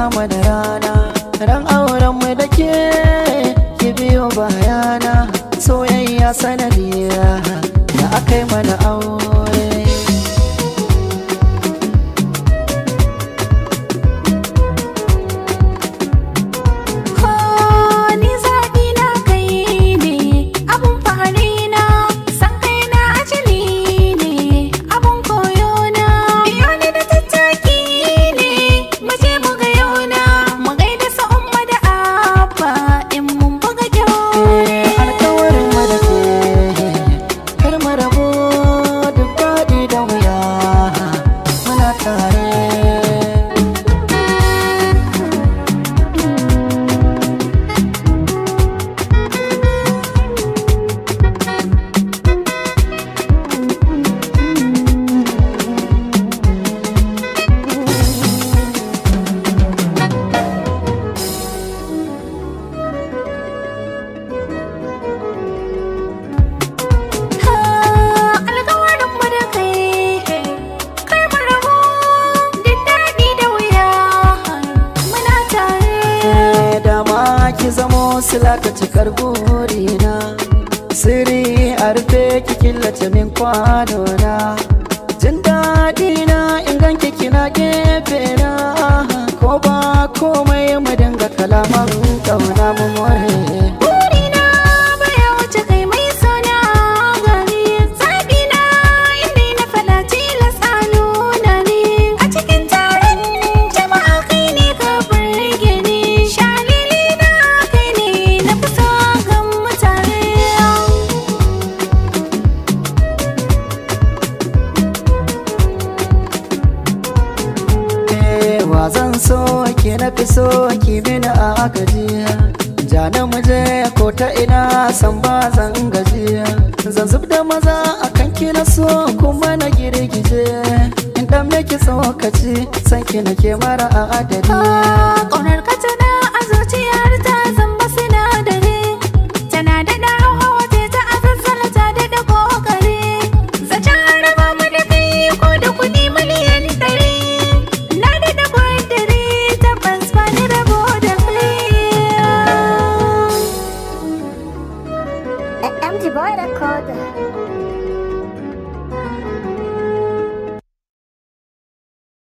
kama da rana ran auren mu da ke ki biyo bayana soyayya sanadiyya da yi mana aure sila ka cikar burina siri a rufe ki killace min kwanona jin daɗi na in ganki kina gefe na ko ba komai mu dinga kalaman kauna mu Bazan so ke na fi so ki mini a gajiya jana muje ko ta ina san ba zan gajiya zan zub da maza a kan ki na so kuma na girgije in dan ka ci san ki na ke mara a adadi ah, کودا